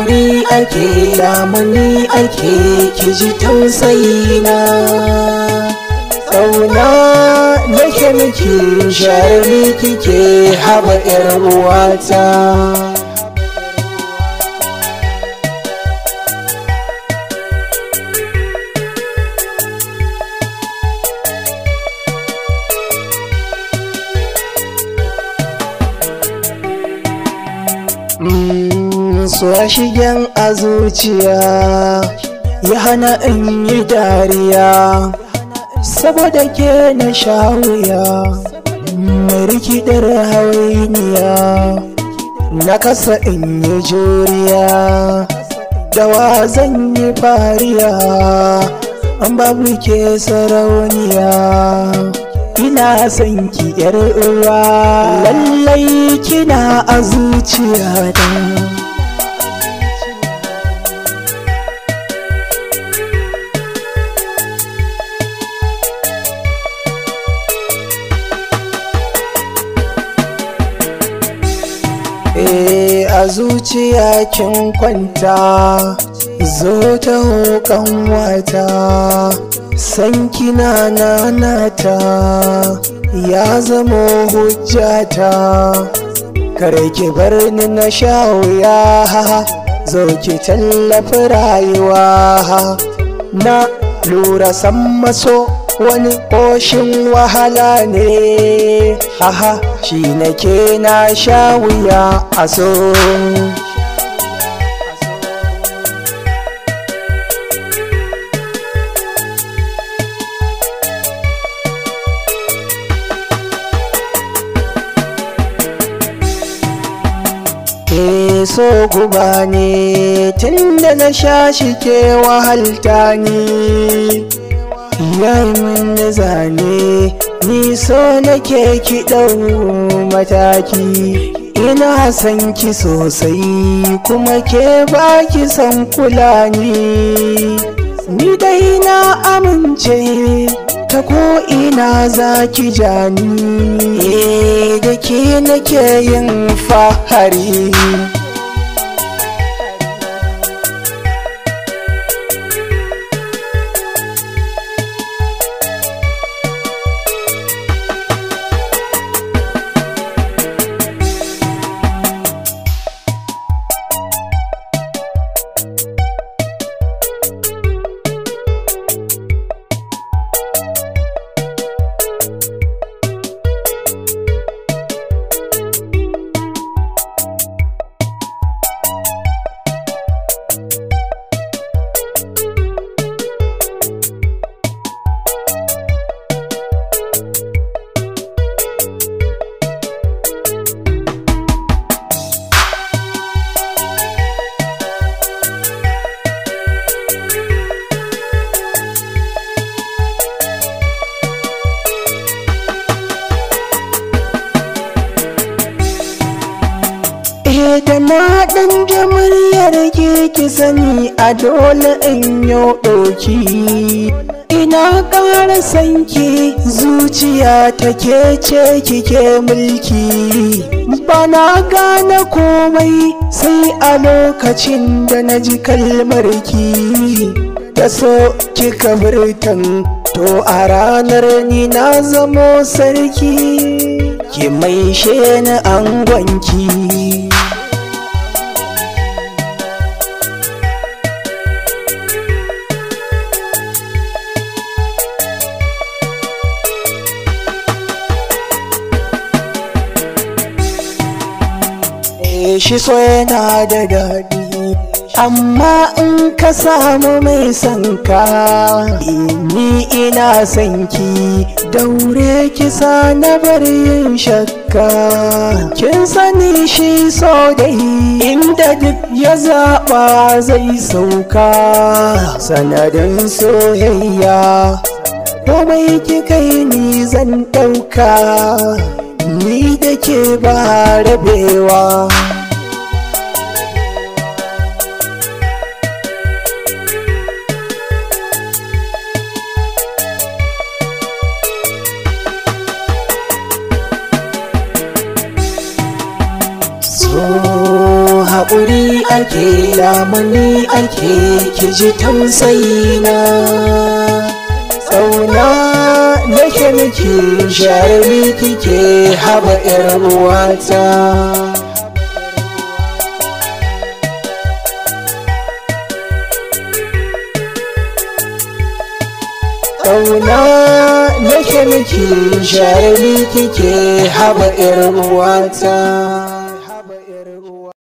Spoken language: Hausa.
lamuni ake lamuni ake ki ji tausayi na ƙauna nake miki share kike haba 'yar uwata masoya shigen a zuciya ya hana in yi dariya saboda ke na shawuya mai rikidar hawainiya na kasa in yi juriya Da wa zan yi fariya an babu ke sarauniya ina son ki yar uwa lallai kina a zuciya ta. a zuciya kin kwanta zo ta hokan wata san na nanata ya zamo hujjata karki ki bar ni na sha wuya zo ki tallafi rayuwa na lura san maso wani ƙoshin wahala ne haha shi nake na sha wuya a so so guba ne tun da na sha shi ke wahalta ni yayi min da zane ni so nake ki ɗau mataki ina son ki sosai kuma ke ba ki son kula ni ni dai na amince ta ko ina za ki jani eh, da ke nake yin fahari na ɗan jamaryar ke ki sani a dole in yi ɗauki ina ƙara sanki zuciya ta ke ce kike mulki bana gane komai sai a lokacin da na ji kalmar ki ta so kika burtan to a ranar ni na zamo sarki ki maishe na angonki shi so yana da daɗi amma in ka samu mai sanka ni ina ki daure kisa na bar yin shakka kin sani shi so dai inda duk ya zaɓa zai sauka sanadin soyayya komai kika yi ni zan ɗauka ni da ke ba rabewa haƙuri ake lamuni ake kiji tausayi na tsauna nake miki shari'i kike haba uwata. tsauna nake miki shari'i kike haba uwata.